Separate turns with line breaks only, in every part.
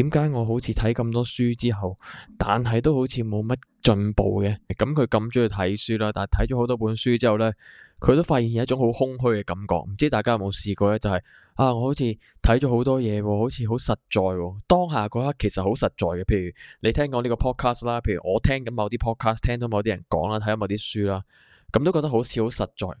點解我好似睇咁多書之後，但係都好似冇乜進步嘅？咁佢咁鍾意睇書啦，但係睇咗好多本書之後咧，佢都發現有一種好空虛嘅感覺。唔知大家有冇試過咧？就係啊，我好似睇咗好多嘢喎，好似好實在喎，當下嗰刻其實好實在嘅。譬如你聽講呢個 podcast 啦，譬如我聽緊某啲 podcast，聽到某啲人講啦，睇緊某啲書啦，咁都覺得好似好實在。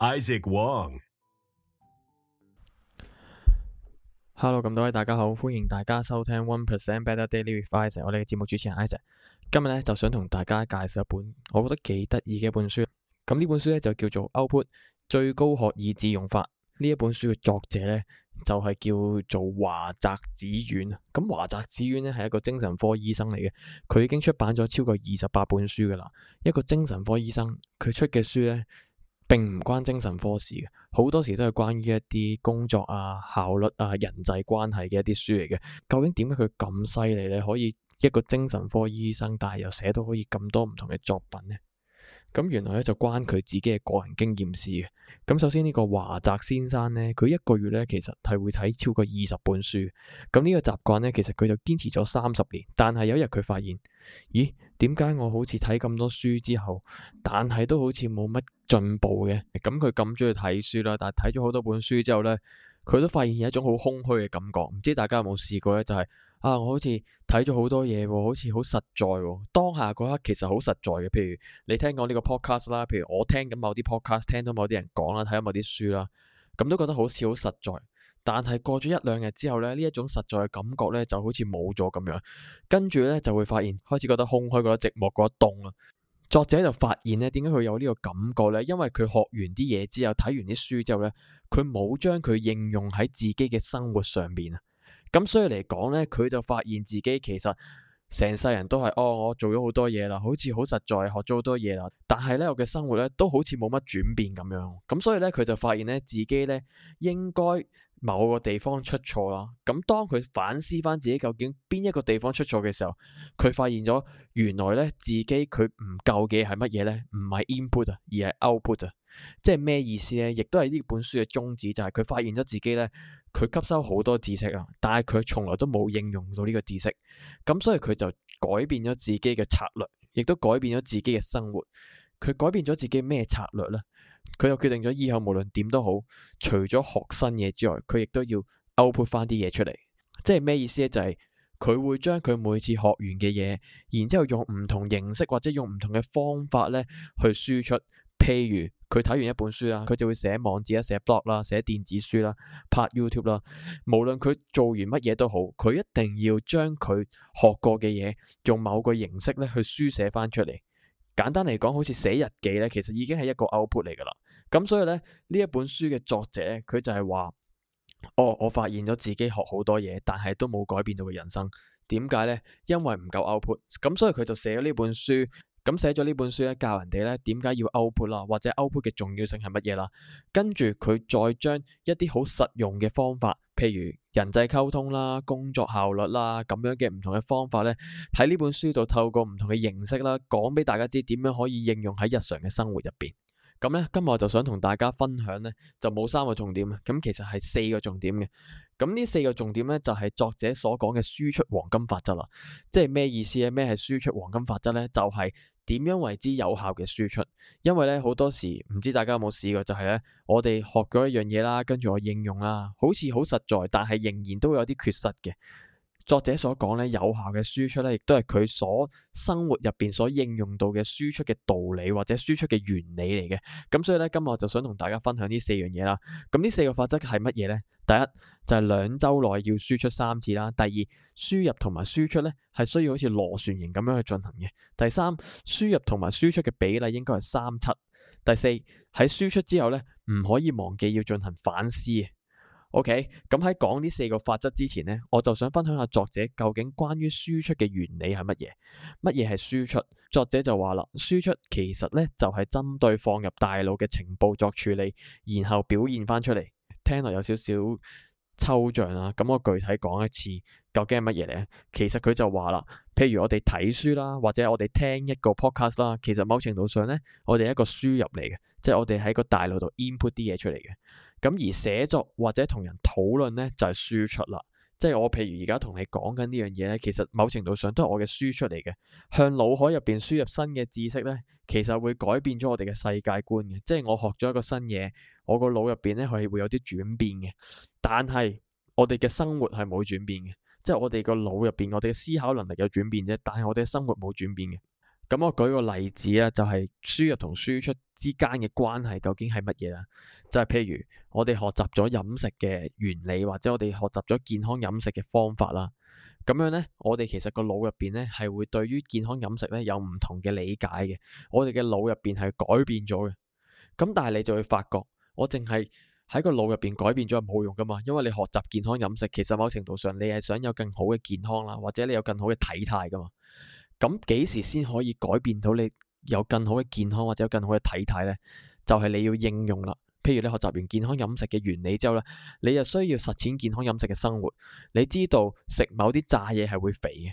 Isaac Wong，hello，咁多位大家好，歡迎大家收聽 One Percent Better Daily Refresher，我哋嘅節目主持人 Isaac，今日咧就想同大家介紹一本我覺得幾得意嘅一本書，咁呢本書咧就叫做 Output 最高學以致用法，呢一本書嘅作者咧就係、是、叫做華澤紫苑，咁華澤紫苑咧係一個精神科醫生嚟嘅，佢已經出版咗超過二十八本書噶啦，一個精神科醫生佢出嘅書咧。並唔關精神科事嘅，好多時都係關於一啲工作啊、效率啊、人際關係嘅一啲書嚟嘅。究竟點解佢咁犀利？你可以一個精神科醫生，但係又寫到可以咁多唔同嘅作品呢？咁原來咧就關佢自己嘅個人經驗事嘅。咁首先呢個華澤先生咧，佢一個月咧其實係會睇超過二十本書。咁呢個習慣咧，其實佢就堅持咗三十年。但係有一日佢發現，咦？點解我好似睇咁多書之後，但係都好似冇乜進步嘅？咁佢咁中意睇書啦，但係睇咗好多本書之後咧，佢都發現有一種好空虛嘅感覺。唔知大家有冇試過咧？就係。啊！我好似睇咗好多嘢，好似好實在喎。當下嗰刻其實好實在嘅，譬如你聽講呢個 podcast 啦，譬如我聽緊某啲 podcast，聽咗某啲人講啦，睇咗某啲書啦，咁都覺得好似好實在。但係過咗一兩日之後咧，呢一種實在嘅感覺咧，就好似冇咗咁樣。跟住咧就會發現，開始覺得空虛，覺得寂寞，覺得凍啊。作者就發現咧，點解佢有呢個感覺咧？因為佢學完啲嘢之後，睇完啲書之後咧，佢冇將佢應用喺自己嘅生活上面。啊。咁所以嚟講咧，佢就發現自己其實成世人都係哦，我做咗好多嘢啦，好似好實在，學咗好多嘢啦。但係咧，我嘅生活咧都好似冇乜轉變咁樣。咁所以咧，佢就發現咧自己咧應該某個地方出錯啦。咁當佢反思翻自己究竟邊一個地方出錯嘅時候，佢發現咗原來咧自己佢唔夠嘅係乜嘢咧？唔係 input 啊，而係 output 啊。即係咩意思咧？亦都係呢本書嘅宗旨，就係、是、佢發現咗自己咧。佢吸收好多知識啦，但係佢從來都冇應用到呢個知識，咁所以佢就改變咗自己嘅策略，亦都改變咗自己嘅生活。佢改變咗自己咩策略呢？佢就決定咗以後無論點都好，除咗學新嘢之外，佢亦都要 output 翻啲嘢出嚟。即係咩意思呢？就係、是、佢會將佢每次學完嘅嘢，然之後用唔同形式或者用唔同嘅方法呢去輸出。譬如佢睇完一本書啦，佢就會寫網誌啦、寫 blog 啦、寫電子書啦、拍 YouTube 啦，無論佢做完乜嘢都好，佢一定要將佢學過嘅嘢用某個形式咧去書寫翻出嚟。簡單嚟講，好似寫日記咧，其實已經係一個 output 嚟噶啦。咁所以咧，呢一本書嘅作者佢就係話：哦，我發現咗自己學好多嘢，但係都冇改變到嘅人生。點解呢？因為唔夠 output。咁所以佢就寫咗呢本書。咁寫咗呢本書咧，教人哋咧點解要 output 啦，或者 output 嘅重要性係乜嘢啦。跟住佢再將一啲好實用嘅方法，譬如人際溝通啦、工作效率啦咁樣嘅唔同嘅方法咧，喺呢本書就透過唔同嘅形式啦，講俾大家知點樣可以應用喺日常嘅生活入邊。咁咧，今日我就想同大家分享咧，就冇三個重點，咁其實係四個重點嘅。咁呢四個重點咧，就係作者所講嘅輸出黃金法則啦。即係咩意思啊？咩係輸出黃金法則咧？就係、是。點樣為之有效嘅輸出？因為咧，好多時唔知大家有冇試過，就係咧我哋學過一樣嘢啦，跟住我應用啦，好似好實在，但係仍然都有啲缺失嘅。作者所講咧有效嘅輸出咧，亦都係佢所生活入邊所應用到嘅輸出嘅道理或者輸出嘅原理嚟嘅。咁所以咧，今日我就想同大家分享呢四樣嘢啦。咁、嗯、呢四個法則係乜嘢咧？第一就係兩週內要輸出三次啦。第二輸入同埋輸出咧係需要好似螺旋形咁樣去進行嘅。第三輸入同埋輸出嘅比例應該係三七。第四喺輸出之後咧唔可以忘記要進行反思。O K，咁喺講呢四個法則之前呢，我就想分享下作者究竟關於輸出嘅原理係乜嘢？乜嘢係輸出？作者就話啦，輸出其實呢就係、是、針對放入大腦嘅情報作處理，然後表現翻出嚟。聽落有少少抽象啊。咁我具體講一次，究竟係乜嘢呢？其實佢就話啦，譬如我哋睇書啦，或者我哋聽一個 podcast 啦，其實某程度上呢，我哋係一個輸入嚟嘅，即、就、係、是、我哋喺個大腦度 input 啲嘢出嚟嘅。咁而寫作或者同人討論呢，就係輸出啦。即係我譬如而家同你講緊呢樣嘢呢，其實某程度上都係我嘅輸出嚟嘅。向腦海入邊輸入新嘅知識呢，其實會改變咗我哋嘅世界觀嘅。即係我學咗一個新嘢，我個腦入邊呢佢係會有啲轉變嘅。但係我哋嘅生活係冇轉變嘅，即係我哋個腦入邊，我哋嘅思考能力有轉變啫，但係我哋嘅生活冇轉變嘅。咁我舉個例子啊，就係輸入同輸出之間嘅關係究竟係乜嘢啦？就係譬如我哋學習咗飲食嘅原理，或者我哋學習咗健康飲食嘅方法啦。咁樣呢，我哋其實個腦入邊呢係會對於健康飲食呢有唔同嘅理解嘅。我哋嘅腦入邊係改變咗嘅。咁但係你就會發覺，我淨係喺個腦入邊改變咗係冇用噶嘛。因為你學習健康飲食，其實某程度上你係想有更好嘅健康啦，或者你有更好嘅體態噶嘛。咁幾時先可以改變到你有更好嘅健康或者有更好嘅體態呢？就係你要應用啦。譬如你學習完健康飲食嘅原理之後咧，你又需要實踐健康飲食嘅生活。你知道食某啲炸嘢係會肥嘅，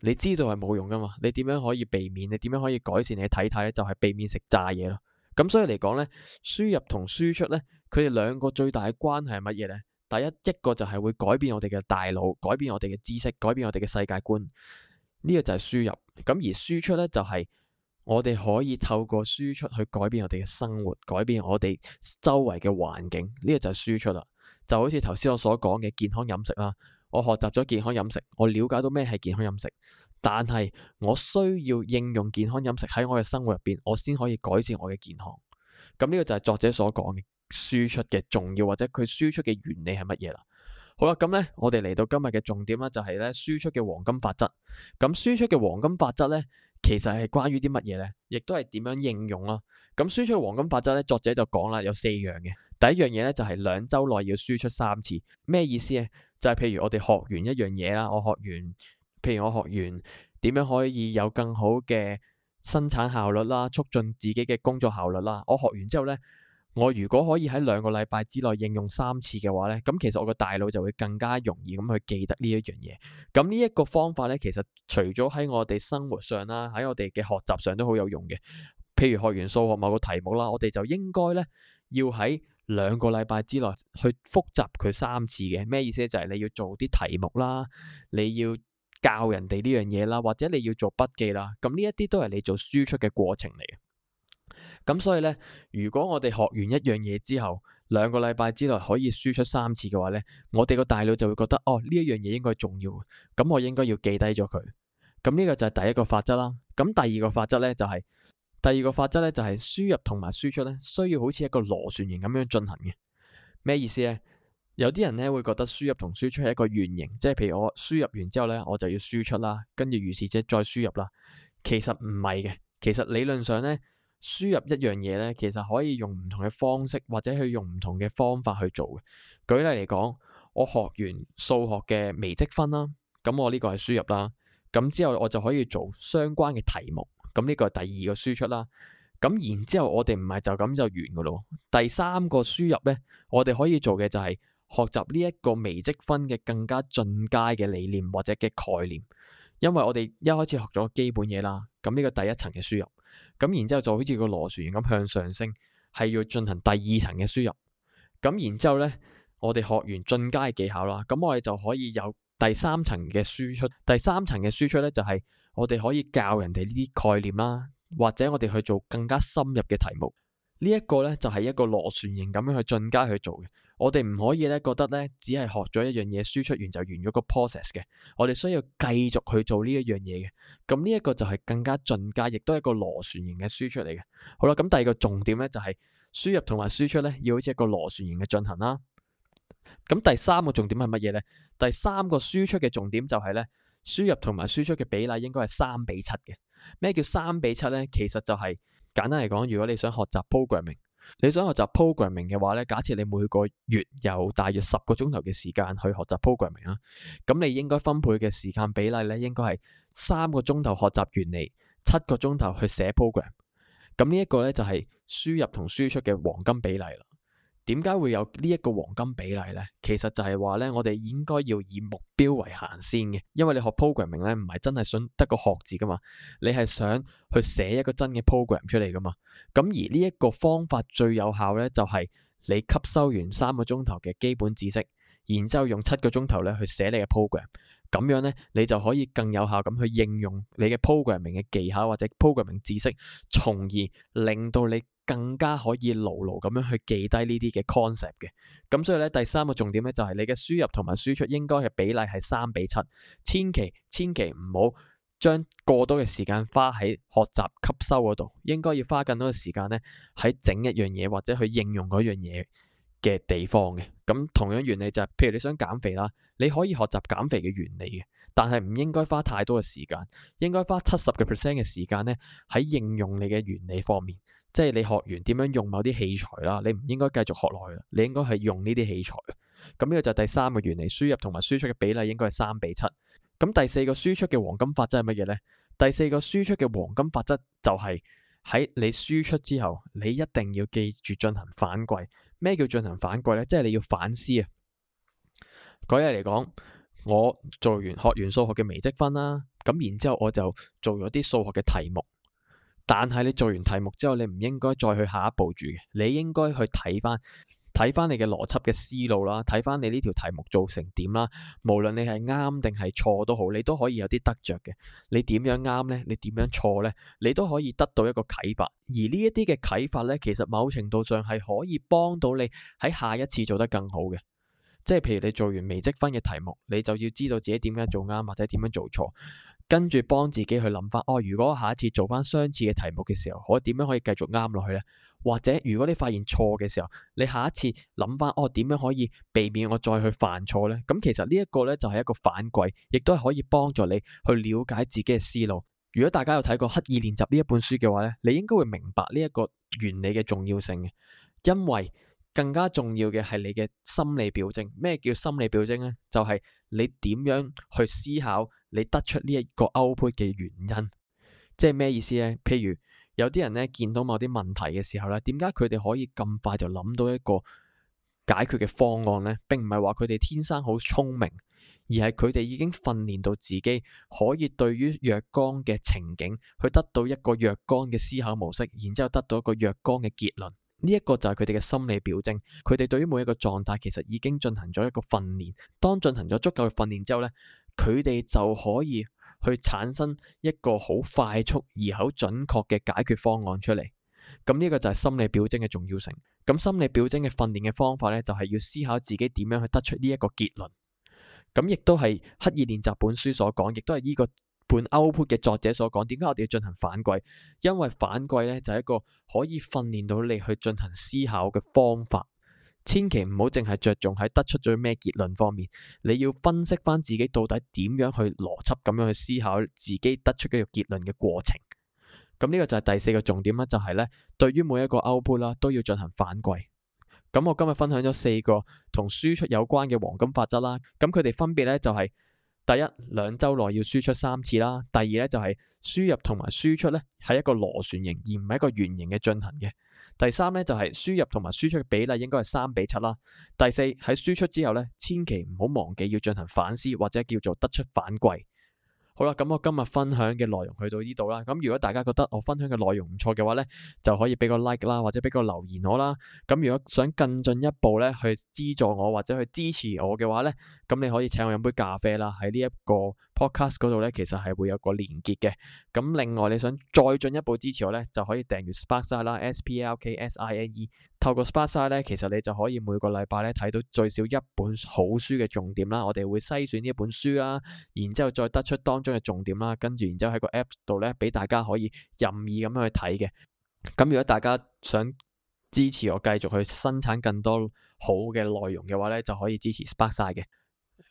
你知道係冇用噶嘛？你點樣可以避免？你點樣可以改善你嘅體態呢？就係避免食炸嘢咯。咁所以嚟講呢，輸入同輸出呢，佢哋兩個最大嘅關係係乜嘢呢？第一一個就係會改變我哋嘅大腦，改變我哋嘅知識，改變我哋嘅世界觀。呢個就係輸入，咁而輸出咧就係我哋可以透過輸出去改變我哋嘅生活，改變我哋周圍嘅環境。呢個就係輸出啦，就好似頭先我所講嘅健康飲食啦。我學習咗健康飲食，我了解到咩係健康飲食，但係我需要應用健康飲食喺我嘅生活入邊，我先可以改善我嘅健康。咁呢個就係作者所講嘅輸出嘅重要，或者佢輸出嘅原理係乜嘢啦。好啦，咁咧，我哋嚟到今日嘅重點啦，就係咧輸出嘅黃金法則。咁輸出嘅黃金法則咧，其實係關於啲乜嘢咧？亦都係點樣應用啦？咁輸出嘅黃金法則咧，作者就講啦，有四樣嘅。第一樣嘢咧就係兩周內要輸出三次，咩意思咧？就係、是、譬如我哋學完一樣嘢啦，我學完，譬如我學完點樣可以有更好嘅生產效率啦，促進自己嘅工作效率啦，我學完之後咧。我如果可以喺兩個禮拜之內應用三次嘅話呢，咁其實我個大腦就會更加容易咁去記得呢一樣嘢。咁呢一個方法呢，其實除咗喺我哋生活上啦，喺我哋嘅學習上都好有用嘅。譬如學完數學某個題目啦，我哋就應該呢要喺兩個禮拜之內去復習佢三次嘅。咩意思呢？就係你要做啲題目啦，你要教人哋呢樣嘢啦，或者你要做筆記啦。咁呢一啲都係你做輸出嘅過程嚟嘅。咁所以咧，如果我哋學完一樣嘢之後，兩個禮拜之內可以輸出三次嘅話咧，我哋個大腦就會覺得哦呢一樣嘢應該重要，咁我應該要記低咗佢。咁呢個就係第一個法則啦。咁第二個法則咧就係，第二個法則咧就係輸入同埋輸出咧需要好似一個螺旋形咁樣進行嘅。咩意思咧？有啲人咧會覺得輸入同輸出係一個圓形，即係譬如我輸入完之後咧，我就要輸出啦，跟住如是者再輸入啦。其實唔係嘅，其實理論上咧。輸入一樣嘢咧，其實可以用唔同嘅方式，或者去用唔同嘅方法去做嘅。舉例嚟講，我學完數學嘅微積分啦，咁我呢個係輸入啦，咁之後我就可以做相關嘅題目，咁呢個係第二個輸出啦。咁然之後我哋唔係就咁就完噶咯。第三個輸入咧，我哋可以做嘅就係學習呢一個微積分嘅更加進階嘅理念或者嘅概念。因為我哋一開始學咗基本嘢啦，咁呢個第一層嘅輸入，咁然之後就好似個螺旋形咁向上升，係要進行第二層嘅輸入，咁然之後呢，我哋學完進階技巧啦，咁我哋就可以有第三層嘅輸出，第三層嘅輸出呢，就係我哋可以教人哋呢啲概念啦，或者我哋去做更加深入嘅題目，呢一個呢，就係一個螺旋形咁樣去進階去做嘅。我哋唔可以咧，覺得咧只係學咗一樣嘢，輸出完就完咗個 process 嘅。我哋需要繼續去做呢一樣嘢嘅。咁呢一個就係更加進階，亦都係一個螺旋形嘅輸出嚟嘅。好啦，咁第二個重點咧就係輸入同埋輸出咧要好似一個螺旋形嘅進行啦。咁第三個重點係乜嘢咧？第三個輸出嘅重點就係咧，輸入同埋輸出嘅比例應該係三比七嘅。咩叫三比七咧？其實就係簡單嚟講，如果你想學習 programming。你想學習 programming 嘅話咧，假設你每個月有大約十個鐘頭嘅時間去學習 programming 啊，咁你應該分配嘅時間比例咧，應該係三個鐘頭學習原理，七個鐘頭去寫 program，咁呢一個咧就係輸入同輸出嘅黃金比例啦。點解會有呢一個黃金比例呢？其實就係話呢，我哋應該要以目標為行先嘅，因為你學 programming 呢，唔係真係想得個學字噶嘛，你係想去寫一個真嘅 program 出嚟噶嘛。咁而呢一個方法最有效呢，就係你吸收完三個鐘頭嘅基本知識，然之後用七個鐘頭呢去寫你嘅 program，咁樣呢，你就可以更有效咁去應用你嘅 programming 嘅技巧或者 programming 知識，從而令到你，更加可以牢牢咁樣去記低呢啲嘅 concept 嘅。咁所以咧，第三個重點咧，就係你嘅輸入同埋輸出應該嘅比例係三比七，千祈千祈唔好將過多嘅時間花喺學習吸收嗰度，應該要花更多嘅時間咧，喺整一樣嘢或者去應用嗰樣嘢嘅地方嘅。咁同樣原理就係、是，譬如你想減肥啦，你可以學習減肥嘅原理嘅，但係唔應該花太多嘅時間，應該花七十個 percent 嘅時間咧喺應用你嘅原理方面。即係你學完點樣用某啲器材啦，你唔應該繼續學落去。你應該係用呢啲器材。咁、這、呢個就係第三個原理，輸入同埋輸出嘅比例應該係三比七。咁第四個輸出嘅黃金法則係乜嘢呢？第四個輸出嘅黃金法則就係喺你輸出之後，你一定要記住進行反饋。咩叫進行反饋呢？即係你要反思啊。嗰日嚟講，我做完學完數學嘅微積分啦，咁然之後我就做咗啲數學嘅題目。但係你做完題目之後，你唔應該再去下一步住嘅，你應該去睇翻睇翻你嘅邏輯嘅思路啦，睇翻你呢條題目做成點啦。無論你係啱定係錯都好，你都可以有啲得着嘅。你點樣啱呢？你點樣錯呢？你都可以得到一個啟發。而呢一啲嘅啟發呢，其實某程度上係可以幫到你喺下一次做得更好嘅。即係譬如你做完微積分嘅題目，你就要知道自己點樣做啱或者點樣做錯。跟住幫自己去諗翻，哦，如果下一次做翻相似嘅題目嘅時候，我點樣可以繼續啱落去呢？或者如果你發現錯嘅時候，你下一次諗翻，哦，點樣可以避免我再去犯錯呢？咁、嗯、其實呢一個呢，就係、是、一個反饋，亦都係可以幫助你去了解自己嘅思路。如果大家有睇過刻意練習呢一本書嘅話呢，你應該會明白呢一個原理嘅重要性嘅，因為更加重要嘅係你嘅心理表徵。咩叫心理表徵呢？就係、是、你點樣去思考你得出呢一個歐佩嘅原因。即係咩意思呢？譬如有啲人呢，見到某啲問題嘅時候呢，點解佢哋可以咁快就諗到一個解決嘅方案呢？並唔係話佢哋天生好聰明，而係佢哋已經訓練到自己可以對於若干嘅情景去得到一個若干嘅思考模式，然之後得到一個若干嘅結論。呢一個就係佢哋嘅心理表徵，佢哋對於每一個狀態其實已經進行咗一個訓練。當進行咗足夠嘅訓練之後呢，佢哋就可以去產生一個好快速而好準確嘅解決方案出嚟。咁、這、呢個就係心理表徵嘅重要性。咁心理表徵嘅訓練嘅方法呢，就係要思考自己點樣去得出呢一個結論。咁亦都係刻意練習本書所講，亦都係呢個。判 Output 嘅作者所講，點解我哋要進行反季？因為反季呢，就係一個可以訓練到你去進行思考嘅方法。千祈唔好淨係着重喺得出咗咩結論方面，你要分析翻自己到底點樣去邏輯咁樣去思考自己得出嘅結論嘅過程。咁、嗯、呢、這個就係第四個重點啦，就係呢：對於每一個 Output 啦、啊、都要進行反季。咁、嗯、我今日分享咗四個同輸出有關嘅黃金法則啦。咁佢哋分別呢，就係、是。第一兩周內要輸出三次啦。第二咧就係輸入同埋輸出咧係一個螺旋形，而唔係一個圓形嘅進行嘅。第三咧就係輸入同埋輸出嘅比例應該係三比七啦。第四喺輸出之後咧，千祈唔好忘記要進行反思，或者叫做得出反饋。好啦，咁我今日分享嘅內容去到呢度啦。咁如果大家覺得我分享嘅內容唔錯嘅話咧，就可以畀個 like 啦，或者畀個留言我啦。咁如果想更進一步咧去資助我或者去支持我嘅話咧，咁你可以請我飲杯咖啡啦，喺呢一個。Podcast 嗰度咧，其實係會有個連結嘅。咁另外，你想再進一步支持我咧，就可以訂閱 Sparksine 啦 （S P A L K S I N E）。透過 Sparksine 咧，其實你就可以每個禮拜咧睇到最少一本好書嘅重點啦。我哋會篩選呢一本書啦、啊，然之後再得出當中嘅重點啦。跟住，然之後喺個 app 度咧，俾大家可以任意咁樣去睇嘅。咁如果大家想支持我，繼續去生產更多好嘅內容嘅話咧，就可以支持 Sparksine 嘅。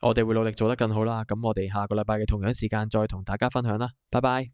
我哋會努力做得更好啦，咁我哋下個禮拜嘅同樣時間再同大家分享啦，拜拜。